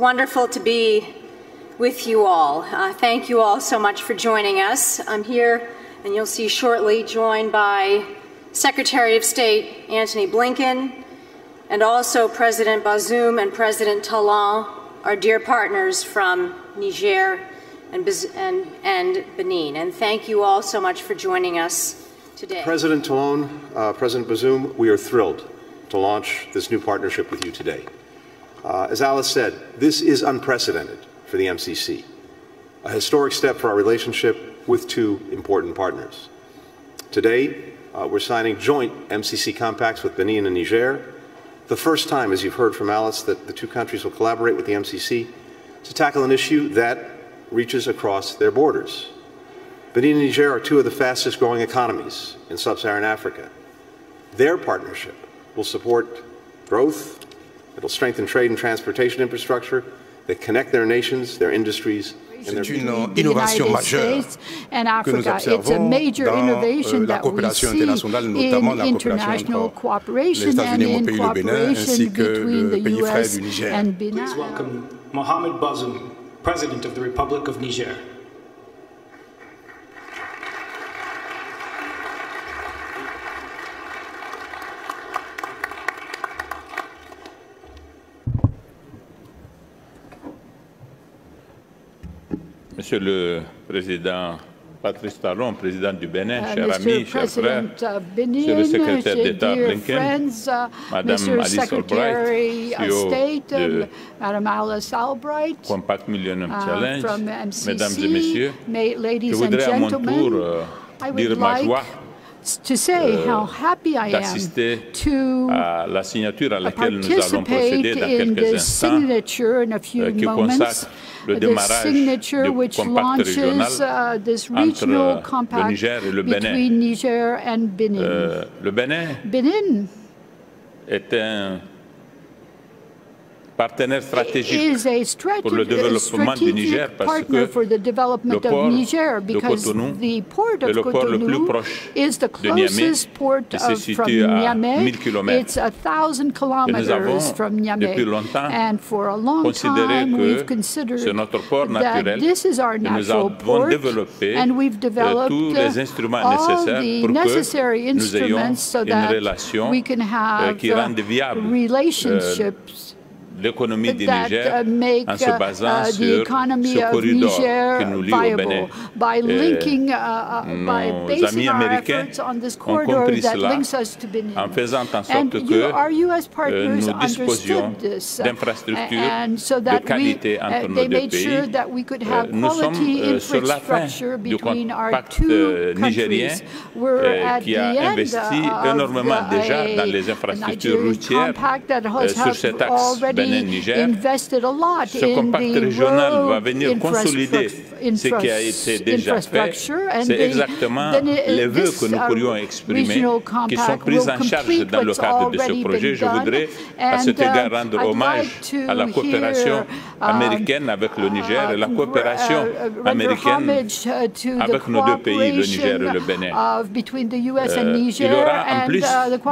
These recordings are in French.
wonderful to be with you all. Uh, thank you all so much for joining us. I'm here, and you'll see shortly, joined by Secretary of State Antony Blinken, and also President Bazoum and President Talon, our dear partners from Niger and, and, and Benin. And thank you all so much for joining us today. President Talon, uh, President Bazoum, we are thrilled to launch this new partnership with you today. Uh, as Alice said, this is unprecedented for the MCC, a historic step for our relationship with two important partners. Today, uh, we're signing joint MCC compacts with Benin and Niger, the first time, as you've heard from Alice, that the two countries will collaborate with the MCC to tackle an issue that reaches across their borders. Benin and Niger are two of the fastest growing economies in sub-Saharan Africa. Their partnership will support growth, It'll strengthen trade and transportation infrastructure that connect their nations, their industries, C'est une innovation majeure que nous observons dans euh, la coopération internationale, notamment la coopération entre les États-Unis, mon pays, le Bénin, ainsi que le pays frère du Niger. Please welcome Mohamed Bazoum, President of the Republic of Niger. Monsieur le Président Patrice Talon, président du Bénin, chers ah, amis, chers ami, Monsieur le secrétaire d'État Blinken, uh, e Madame Alice Albright, CEO State, de Alice Albright, Compact Millennium uh, Challenge, Mesdames et Messieurs, je voudrais à mon tour euh, dire ma joie to say euh, à la signature à laquelle nous allons procéder dans quelques instants, euh, moments, le démarrage du compact régional uh, entre le Niger et le Bénin. Euh, le Bénin, est un partenaire stratégique pour le développement du Niger parce que le port Niger de Cotonou est le port le plus proche de Niamey et se situe à 1000 km. Et nous avons depuis longtemps considéré que c'est notre port naturel et nous avons développé euh, tous les uh, instruments nécessaires pour que nous ayons une relation euh, qui rende uh, viable euh, l'économie du Niger uh, en se basant uh, uh, sur ce corridor qui nous lie au Bénin. By euh, linking, nos amis américains ont compris cela en faisant en sorte que euh, nous disposions d'infrastructures de qualité entre nos deux pays. Euh, nous sommes sur la fin du pacte nigérien qui a investi énormément déjà dans les infrastructures routières sur cet axe Bénin niger ce compact régional va venir consolider ce qui a été déjà fait, c'est exactement les vœux que nous pourrions exprimer qui sont pris en charge dans le cadre de ce projet. Je voudrais à cet égard uh, rendre hommage à la coopération um, américaine avec le Niger et la uh, coopération uh, américaine avec nos deux pays, le Niger et le Bénin. Euh, il y aura en plus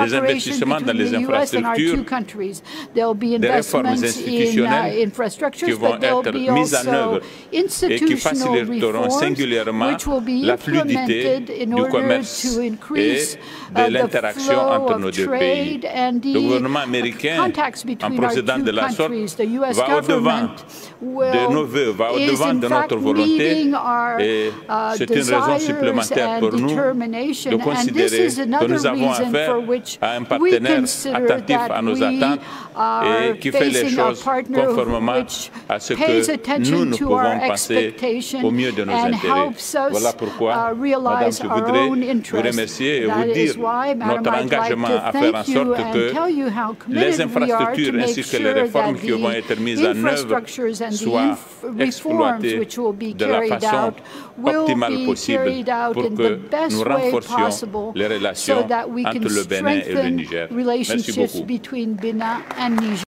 des investissements dans les infrastructures, des réformes institutionnelles qui vont être mises en œuvre et qui fassent faciliteront singulièrement la fluidité du commerce et de uh, l'interaction entre nos deux pays. Le gouvernement américain, en procédant de la sorte, va au-devant de nos voeux, va au-devant de notre volonté et uh, c'est une raison supplémentaire pour nous de considérer que nous avons affaire à un partenaire attentif à nos attentes et qui fait les choses conformément à ce que nous, nous pouvons penser au mieux de nos intérêts. Voilà pourquoi, uh, je voudrais vous remercier et vous dire notre engagement à faire en sorte que les infrastructures ainsi que les réformes qui vont être mises en œuvre soient exploitées de la façon optimale possible pour que nous renforcions les relations entre le Bénin et le Niger. Merci beaucoup.